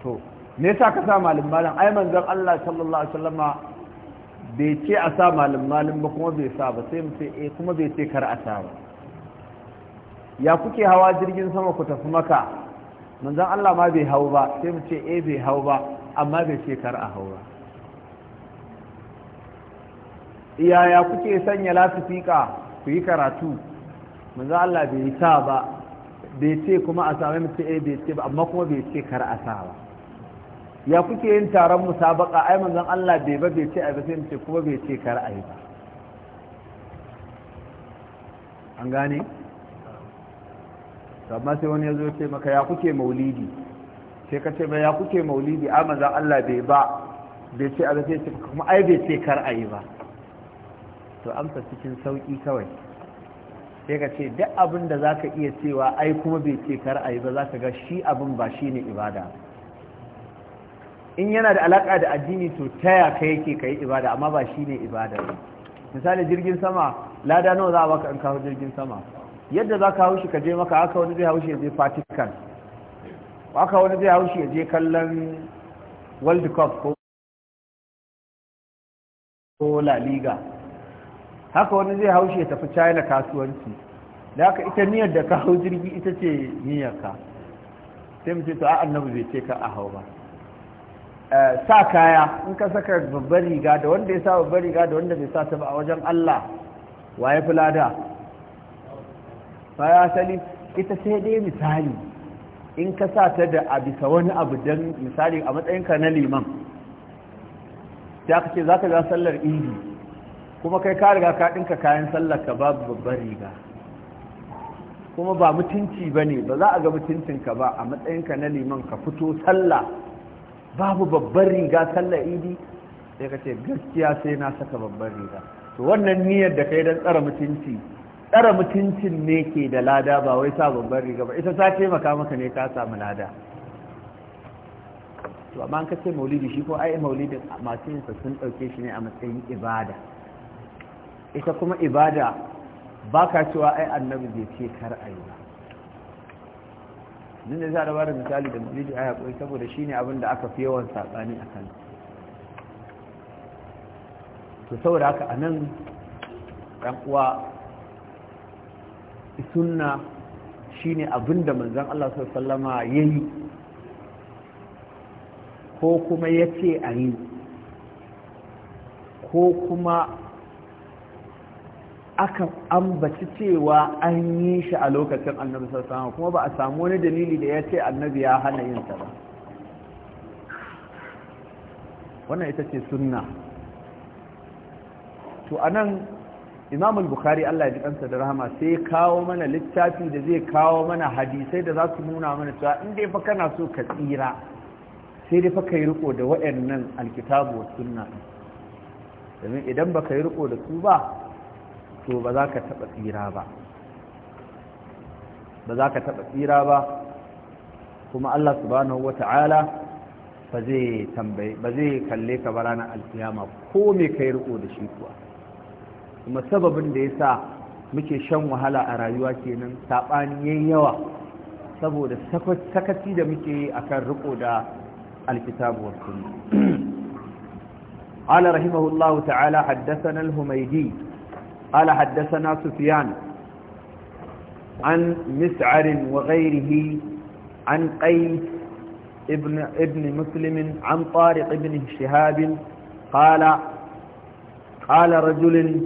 to ne sa ka sa malin malin ai manzon Allah sallallahu alaihi wasallama bai ce a sa malin malin ba kuma bai sa ba sai mu ce eh kuma bai ce kar a sa ba ya kuke hawa jirgin sama ku tafi maka manzon Allah ma bai hau ba sai mu ce eh bai hau ba amma bai ce kar a hau ba ya kuke sanya lasifika ku yi karatu manzon Allah bai sa ba bai ce kuma a sa ba mu ce eh bai ce ba amma kuma bai ce kar a sa ba ya kuke yin taron musabaka ai manzon Allah bai ba bai ce a bisa ce kuma bai ce kar ai ba an gane amma sai wani ya zo ce maka ya kuke maulidi sai ka ce ba ya kuke maulidi a manzon Allah bai ba bai ce a bisa ce kuma ai bai ce kar ai ba to amsa cikin sauki kawai sai ka ce duk abin da zaka iya cewa ai kuma bai ce kar ai ba zaka ga shi abin ba shine ibada ba in yana da alaka da addini to taya ka yake ka yi ibada amma ba shi ne ibada ne. misali jirgin sama lada nawa za a baka an kawo jirgin sama yadda za ka haushi ka je maka aka wani zai haushi ya je vatican aka wani zai haushi ya je kallon world cup ko ko la liga haka wani zai haushi ya tafi china kasuwanci da haka ita niyyar da ka hau jirgi ita ce niyyarka sai mu ce to a annabi bai ce ka a hau ba Eh, sa kaya in ka saka babbar riga da wanda ya sa babbar riga da wanda bai sa ta ba a wajen Allah wa ya fi lada baya ita sai dai misali in ka sa ta da a bisa wani abu don misali a matsayinka na liman ta kace za ka ga sallar idi kuma kai ka riga ka ɗinka kayan sallar ka babu babbar riga kuma ba mutunci ba ne ba za a ga mutuncinka ba a matsayinka na liman ka fito sallah babu babban riga sallar idi sai ka ce gaskiya sai na saka babbar riga to wannan niyyar da kai dan tsara mutunci tsara mutuncin ne ke da lada ba wai sa babbar riga ba ita ta taimaka maka ne ka samu lada to amma an kace maulidi shi ko ai maulidin masu yin sun dauke shi ne a matsayin ibada ita kuma ibada baka cewa ai annabi bai ce kar a yi ba din da za a bada misali da mulidi a koyi saboda shi ne abin da aka fi yawan saɓani a kan to saboda haka a nan uwa sunna shi ne abin da manzan Allah sallama ya yi ko kuma ya ce a yi ko kuma Akan ambaci cewa an yi shi a lokacin annabi sassan kuma ba a samu wani dalili da ya ce annabi ya hana yin sa ba wannan ita ce sunna to anan nan, Imamul bukhari Allah ya ji kansa da rahama sai ya kawo mana littafi da zai kawo mana hadisai da za su nuna mana cewa in dai fa kana so ka tsira sai dai fa ka yi riko da wa'annan alkitabu wa sunna domin idan baka yi riko da su ba to ba za ka taɓa tsira ba ba za ka taɓa tsira ba kuma Allah subhanahu wa ta'ala ba zai tambaye ba zai kalle ka ba ranar alkiyama ko mai kai riko da shi kuwa kuma sababin da yasa muke shan wahala a rayuwa kenan sabani yayin yawa saboda sakaci da muke yi akan riko da alkitabuwar wa sunna قال رحمه الله تعالى حدثنا الهميدي قال حدثنا سفيان عن مسعر وغيره عن قيس ابن, ابن مسلم عن طارق ابن شهاب قال قال رجل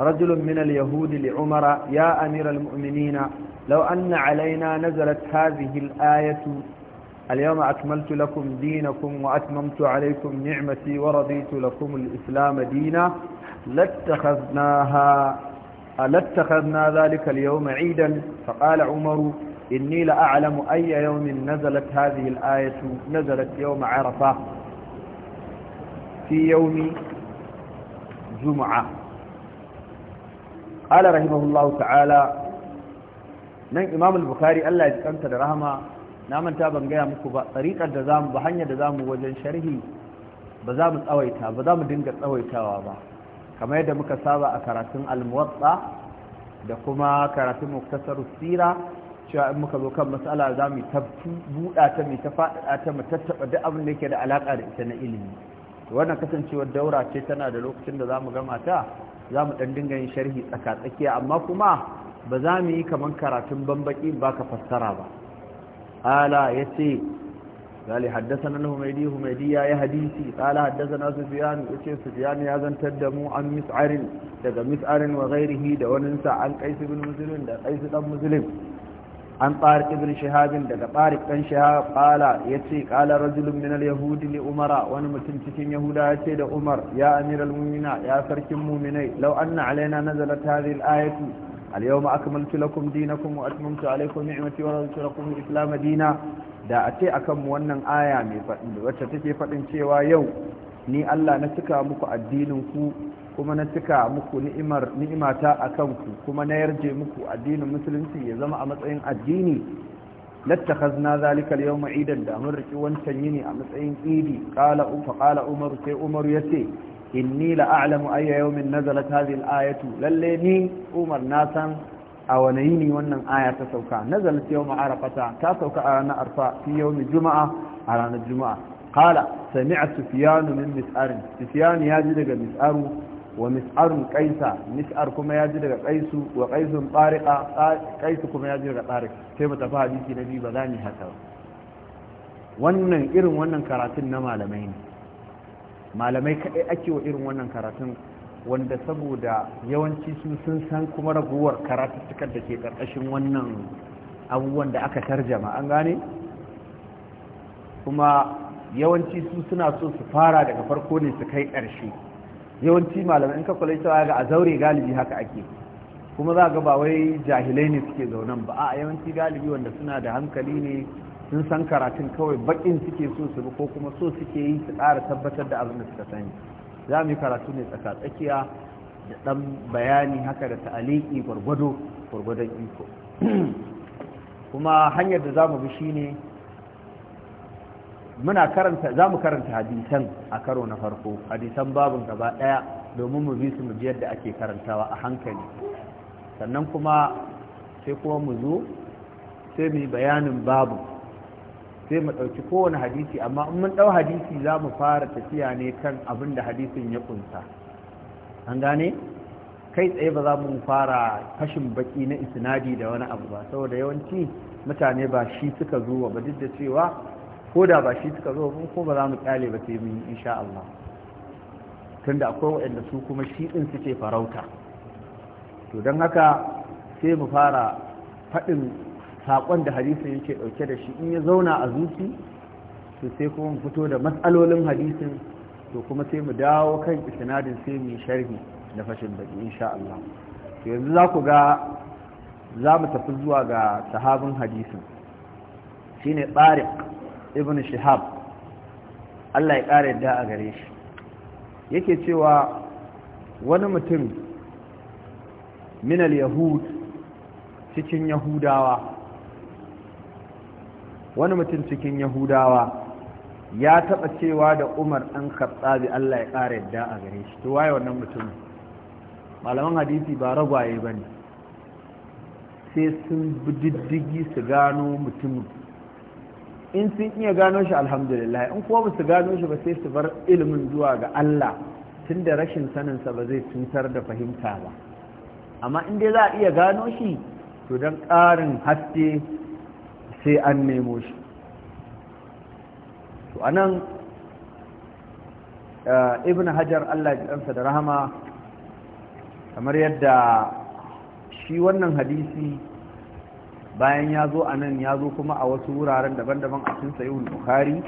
رجل من اليهود لعمر يا أمير المؤمنين لو أن علينا نزلت هذه الآية اليوم أكملت لكم دينكم وأتممت عليكم نعمتي ورضيت لكم الإسلام دينا لاتخذناها لاتخذنا ذلك اليوم عيدا فقال عمر إني لأعلم أي يوم نزلت هذه الآية نزلت يوم عرفة في يوم جمعة قال رحمه الله تعالى من نعم، إمام البخاري ألا يتكنت لرهما نعم انتابا قيا مكبا طريقة دزام بحنية دزام وجن شرهي بزام الأويتها بزام الدنجة الأويتها وابا kamar yadda muka saba a karatun almuwatsa da kuma karatun muktasar sira cewa in muka zo kan matsala za mu ta buɗa ta mai ta faɗaɗa ta mu tattaɓa duk abin da yake da alaƙa da ita na ilimi wannan kasancewar daura ce tana da lokacin da za mu gama ta za mu ɗan dinga yin sharhi tsaka tsakiya amma kuma ba za mu yi kamar karatun bambaki, ba ka fassara ba ala ya ce قال حدثنا هميدي هميدي يا حديثي قال حدثنا سفيان يقول سفيان يا زنتدمو عن مسعر daga مسعر وغيره da waninsa عن قيس بن مسلم da قيس بن مسلم عن طارق بن شهاب daga طارق بن شهاب قال يتي قال رجل من اليهود لعمر وانا متن cikin yahuda yace da Umar ya amiral mu'mina ya sarkin mu'minai law anna alaina nazalat hadhihi al-ayatu اليوم أكملت لكم دينكم وأتممت عليكم نعمتي ورضيت لكم الإسلام دينا da a ce akan wannan aya mai faɗi wacce take faɗin cewa yau ni Allah na cika muku addinin ku kuma na cika muku ni'imar ni'imata akan ku kuma na yarje muku addinin musulunci ya zama a matsayin addini lattakhazna zalika al-yawma idan da mun riki wancan yini a matsayin idi qala fa qala umar sai umar yace inni la a'lamu ayya yawmin nazalat hadhihi al-ayatu lalle ni umar na san a wani yini wannan aya ta sauka nazal yau ma'arafata ta sauka a ranar arfa fi yau juma'a a ranar juma'a kala a sufiyanu min mis'arin sufiyanu ya ji daga mis'aru wa mis'arun kaisa mis'ar kuma ya ji daga kaisu wa kaisun tsarika kaisu kuma ya ji daga tsarik sai mu tafi hadisi na biyu ba za mu haka wannan irin wannan karatun na malamai ne malamai kaɗai ake wa irin wannan karatun wanda saboda yawanci su sun san kuma raguwar karatuttukan da ke karkashin wannan abubuwan da aka tarjama an gane kuma yawanci su suna so su fara daga farko ne su kai ƙarshe yawanci malamai in ka kula ita ga a zaure galibi haka ake kuma za ga ba wai jahilai ne suke zaunan ba a yawanci galibi wanda suna da hankali ne sun san karatun kawai bakin suke so su bi ko kuma so suke yi su ƙara tabbatar da abin da suka sani za mu yi karatu ne tsakatsakiya da ɗan bayani haka da ta'aliki gwargwado gwargwadon iko [clears throat] kuma hanyar da za mu bi shine muna karanta za mu karanta hadisan a karo na farko hadisan babin gaba ɗaya domin mu bi su mu ji yadda ake karantawa a hankali sannan kuma sai kuma mu zo sai mu yi bayanin babu sai mu ɗauki kowane hadisi amma in mun ɗau hadisi za mu fara tafiya ne kan abin da hadisin ya ƙunsa. an gane kai tsaye ba za mu fara fashin baki na isnadi da wani abu ba saboda yawanci mutane ba shi suka zo ba duk da cewa ko da ba shi suka zo ba ko ba za mu kyale ba sai mun yi insha Allah tunda akwai waɗanda su kuma shi din suke farauta to don haka sai mu fara faɗin saƙon da hadisin yake ɗauke da shi in ya zauna a zuci to sai kuma mu fito da matsalolin hadisin to kuma sai mu dawo kan isnadin sai mu sharhi da fashin baki insha Allah to yanzu za ku ga za mu tafi zuwa ga sahabin hadisin shine Tariq ibn Shihab Allah ya ƙara yadda a gare shi yake cewa wani mutum minal yahud cikin yahudawa wani mutum cikin yahudawa ya taɓa cewa da umar ɗan bi allah ya ƙara yadda a gare shi to waye wannan mutumin malaman hadisi ba ragwaye ba ne sai sun bi diddigi su gano mutumin in sun iya gano shi alhamdulillah in kuma ba su gano shi ba sai su bar ilimin zuwa ga allah tun da rashin saninsa ba zai cutar da fahimta ba amma in dai za a iya gano shi to don ƙarin haske sai an nemo shi to anan eh, ibn hajar allah ya da rahama kamar yadda shi wannan hadisi bayan ya zo a nan ya zo kuma a wasu wuraren daban-daban a cikin sayi bukhari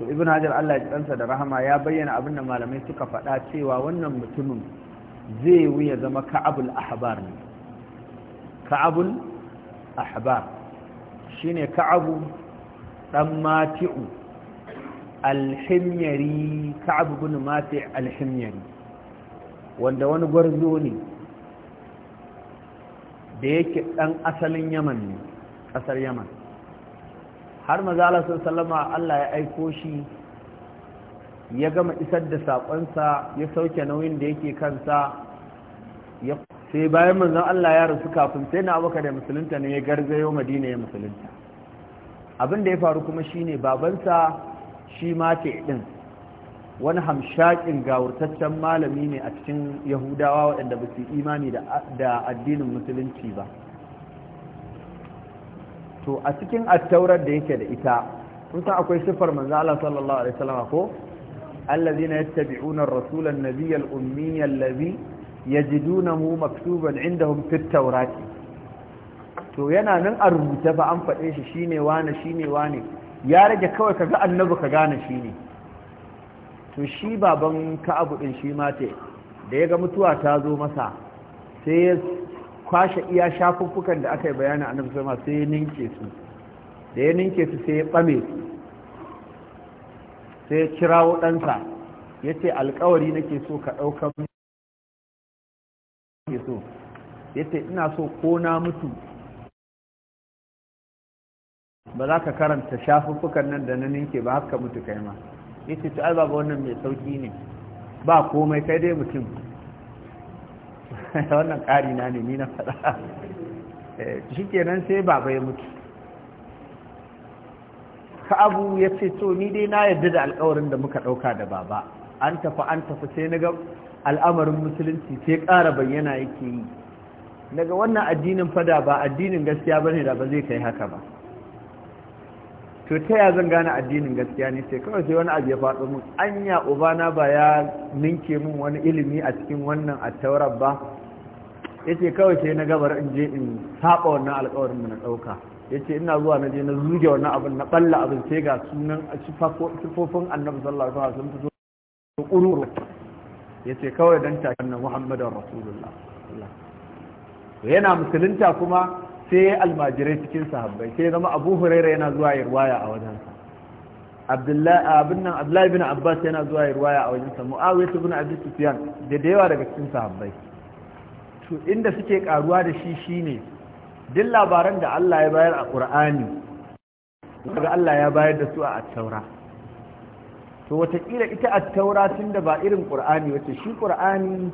to ibn hajar allah ya da rahama ya bayyana abin da malamai suka faɗa cewa wannan mutumin zai wuya zama ka'abul ahbar ne ka'abul ahbar shine ka'abu dan mati'u al-himyari ka'abu bin mati' al-himyari wanda wani gwarzo ne da yake dan asalin yaman ne kasar yaman har maza sun salama Allah ya aiko shi ya gama isar da saƙonsa ya sauke nauyin da yake kansa ya sai bayan manzon Allah ya rasu kafin sai na abubakar da musulunta ne ya garzayo madina ya musulunta abin da ya faru kuma shine babansa shi ma ke din wani hamshakin gawurtaccen malami ne a cikin yahudawa waɗanda ba su imani da addinin musulunci ba to a cikin attaurar da yake da ita kun san akwai siffar manzo Allah sallallahu alaihi wasallam ko allazina yattabi'una ar-rasula an-nabiyya al-ummiyya allazi yajidunahu maktuban indahum fit tawrati to yana nan a rubuta fa an faɗe shi shine wane shine wane ya rage kawai kaga annabi ka gane shine to shi baban ka abu din shi mate da ya ga mutuwa ta zo masa sai ya kwashe iya shafuffukan da aka yi bayani annabi sama sai ya ninke su da ya ninke su sai ya ɓame su sai ya kirawo ɗansa ya ce alkawari nake so ka ɗaukan ke so yace ina so ko na mutu ba za ka karanta shafuffukan nan da nanin ke ba haka mutu kai ma yace ta ai baba wannan mai sauki ne ba komai kai dai mutum [laughs] wannan ƙari na ne ni na faɗa [laughs] eh, shikenan sai baba ya mutu ka abu ya ce to ni dai na yarda da alƙawarin da muka ɗauka da baba an tafi an tafi sai na ga al'amarin musulunci sai ƙara bayyana yake yi daga wannan addinin fada ba addinin gaskiya ba ne da ba zai kai haka ba to ta ya zan gane addinin gaskiya ne sai kawai sai wani abu ya faɗo mun anya ubana ba ya ninke mun wani ilimi a cikin wannan attaurar ba ya ce kawai sai na gabar in je in saɓa wannan alkawarin mu na ɗauka ya ce ina zuwa na je na zuge wannan abin na ɓalla abin sai ga sunan sufofin annabi sallallahu alaihi wasallam sun fito ƙururu ya ce kawai don takin nan muhammadin rasulullah yana musulunta kuma sai ya almajirai cikin sahabbai sai zama abu huraira yana zuwa irwaya a wajensa abdullahi bin abbas yana zuwa irwaya a wajensa mu'awiyatu bin abi sufyan da da yawa daga cikin sahabbai to inda suke karuwa da shi shine duk labaran da Allah ya bayar a Qur'ani daga Allah ya bayar da su a at to watakila ita attaura tun da ba irin ƙur'ani wacce shi ƙur'ani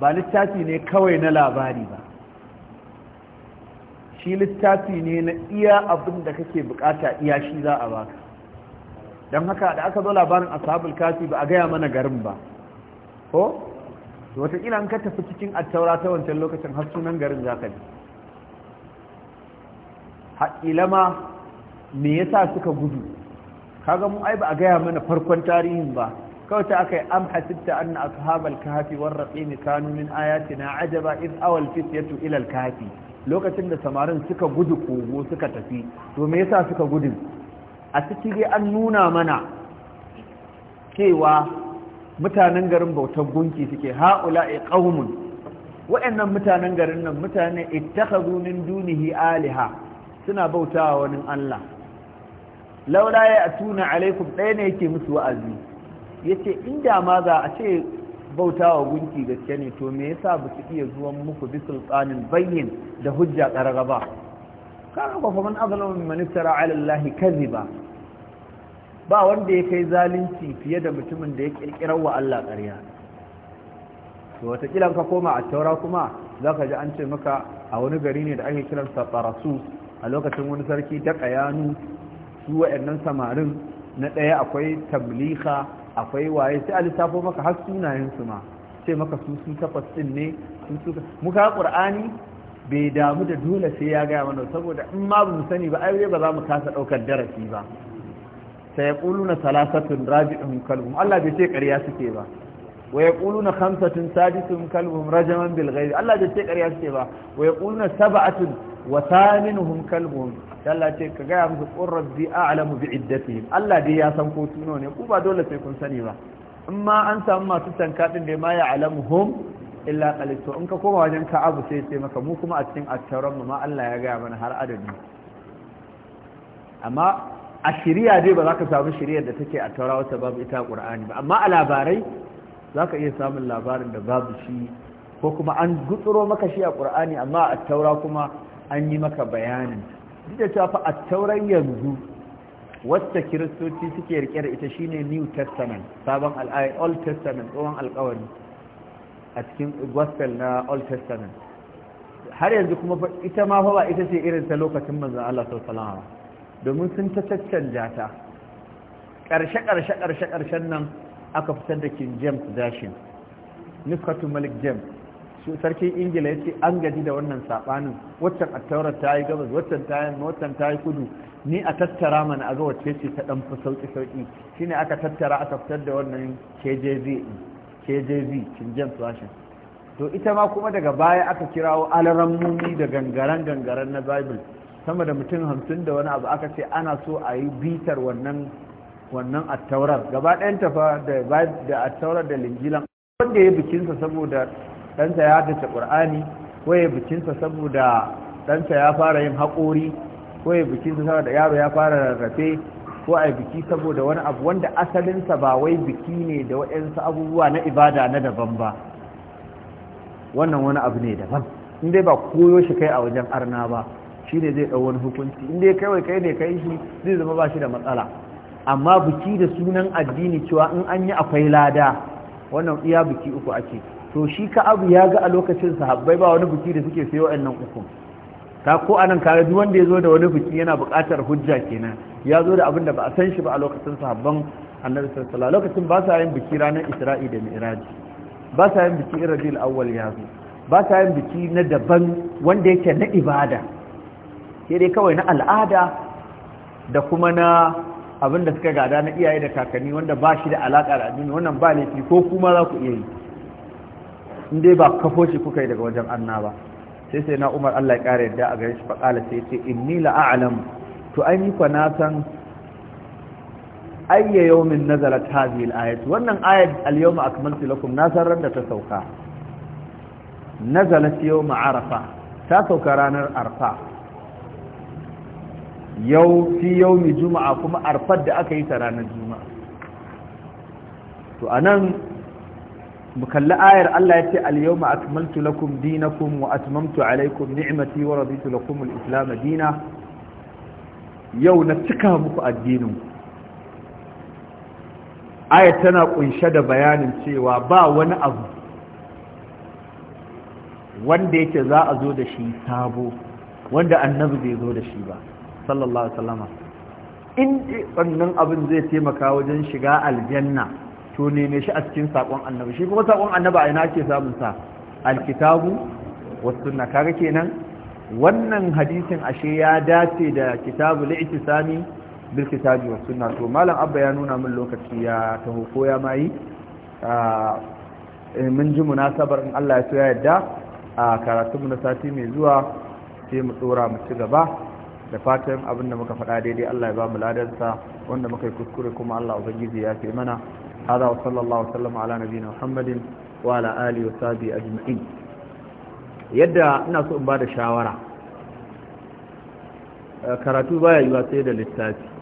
ba littafi ne kawai na labari ba shi littafi ne na iya abin da kake bukata iya shi za a baka don haka da aka zo labarin ashabul kafi ba a gaya mana garin ba ko watakila an ka tafi cikin attaura ta wancan lokacin har sunan garin za ka ji haƙƙila ma me yasa suka gudu kaga mu ai ba a gaya mana farkon tarihin ba kawai ta aka yi am hasibta anna ashabal kahfi war raqim kanu min ayatina ajaba id awal fityatu ila al kahfi lokacin da samarin suka gudu kogo suka tafi to me yasa suka gudu a cikin dai an nuna mana cewa mutanen garin bautar gunki suke ha'ula'i qaumun wa'annan mutanen garin nan mutane ittakhadhu min dunihi aliha suna bautawa wani Allah laula ya atuna alaikum ɗaya ne yake musu wa'azi Ya yace inda ma za a ce bauta wa gunki gaske ne to me yasa ba su iya zuwan muku bi sultanin bayyin da hujja ƙarara ba kaga ba kuma azlamu mimman iftara ala Kazi ba. ba wanda ya kai zalunci fiye da mutumin da ya ƙirƙirar wa Allah ƙarya to wataƙila ka koma a taura kuma za ka ji an ce maka a wani gari ne da ake kiransa farasus a lokacin wani sarki ta ƙayanu su wa'annan samarin na ɗaya akwai tabliha akwai waye sai a lissafo maka har sunayensu ma sai maka su su takwas ɗin ne su su muka ƙur'ani bai damu da dole sai ya gaya mana saboda in ma mu sani ba ai ba za mu kasa ɗaukar darasi ba sai ya ƙulu na salasatun rabi'un kalbun Allah bai ce ƙarya suke ba wa yaquluna khamsatun sadisuhum kalbuhum rajaman bil ghaib Allah da ce ƙarya suke ba wa yaquluna sab'atun wa thaminuhum kalbuhum Allah ce ka gaya musu qur rabbi a'lamu bi iddatihim Allah ya san ko tuno ne ku ba dole sai kun sani ba amma an samu masu tanka din da ma ya'lamuhum illa qalil in ka koma wajen ka abu sai sai maka mu kuma a cikin attaran ma Allah ya gaya mana har adadi amma a shirya dai ba za ka samu shiryar da take a taura wata babu ita Qur'ani ba amma a labarai za ka iya samun labarin da babu shi ko kuma an gutsuro maka shi a ƙur'ani amma a taura kuma an yi maka bayanin duk da cewa fa a tauran yanzu wacce kiristoci suke rike da ita shine new testament sabon al'ayi old testament tsohon alkawari a cikin gospel na old testament har yanzu kuma ita ma fa ba ita ce irin ta lokacin manzon Allah sallallahu alaihi domin sun ta caccanja ta ƙarshe ƙarshe ƙarshe ƙarshen nan aka fitar da king james dashin nufkatu malik james su sarkin ingila ya ce an gaji da wannan sabanin waccan a taurar ta yi gabas waccan ta yi waccan ta yi kudu ni a tattara mana a ga wacce ce ta ɗan fi sauƙi sauƙi ne aka tattara aka fitar da wannan kjv kjv king james dashin to ita ma kuma daga baya aka kirawo alaran mumi da gangaren gangaren na bible sama da mutum hamsin da wani abu aka ce ana so a yi bitar wannan wannan attaurar gaba ɗayan tafa da attaurar da linjilan wanda ya bikinsa saboda ɗansa ya haddace ƙur'ani ko ya bikinsa saboda ɗansa ya fara yin haƙori ko ya bikinsa saboda yaro ya fara rarrafe ko a biki saboda wani abu wanda asalinsa ba wai biki ne da waɗansu abubuwa na ibada na daban ba wannan wani abu ne daban in dai ba koyo shi kai a wajen arna ba shi ne zai ɗau wani hukunci in dai kawai kai ne kai shi zai zama ba shi da matsala amma biki da sunan addini cewa in an yi akwai lada wannan iya biki uku ake to shi ka abu ya ga a lokacin sahabbai ba wani biki da suke sayo wa'annan uku ta ko anan kare duk wanda ya zo da wani biki yana buƙatar hujja kenan ya zo da abin da ba a san shi ba a lokacin sahabban annabi sallallahu lokacin ba sa yin biki ranar isra'i da mi'raj ba sa yin biki rabiul awwal ya zo ba sa yin biki na daban wanda yake na ibada sai dai kawai na al'ada da kuma na abin da suka gada na iyaye da kakanni wanda ba shi da alaka da addini wannan ba laifi ko kuma za ku iya yi in dai ba kafo shi kuka yi daga wajen anna ba sai sai na umar allah ya ƙara yadda a gare shi faƙala sai ce inni la'alam to ai ni fa na san ayya yawmin nazalat hadhihi al-ayat wannan ayat al-yawma akmaltu lakum na san ran da ta sauka nazalat yawma arafa ta sauka ranar arfa yau fi yau juma'a kuma arfar da aka yi ta ranar juma'a to a nan kalli ayar Allah ya ce al-yawma akmaltu lakum dinakum wa atmamtu alaykum ni'mati wa raditu lakum al-islam dina yau na cika muku addinin ayar tana kunshe da bayanin cewa ba wani abu wanda yake za a zo da shi sabo wanda annabi bai zo da shi ba sallallahu alaihi in wannan abin zai taimaka wajen shiga aljanna to ne shi a cikin sakon annabi shi kuma sakon annabi a ina ake samun sa alkitabu was sunna kaga kenan wannan hadisin ashe ya dace da kitabu li'tisami bil bilkitabi wa sunna to malam abba ya nuna min lokaci ya taho ko ya mai eh, mun ji munasabar in Allah ya so ya yarda a karatunmu na sati mai zuwa sai mu tsora mu ci gaba da fatan abinda muka faɗa daidai Allah ya ba mu ladansa wanda muka yi kuskure kuma Allah ubangiji ya fi mana hada wa sallallahu sallam ala nabiyina Muhammadin wa ala alihi wa sahbihi ajma'in yadda ina so in ba da shawara karatu baya yiwa sai da littafi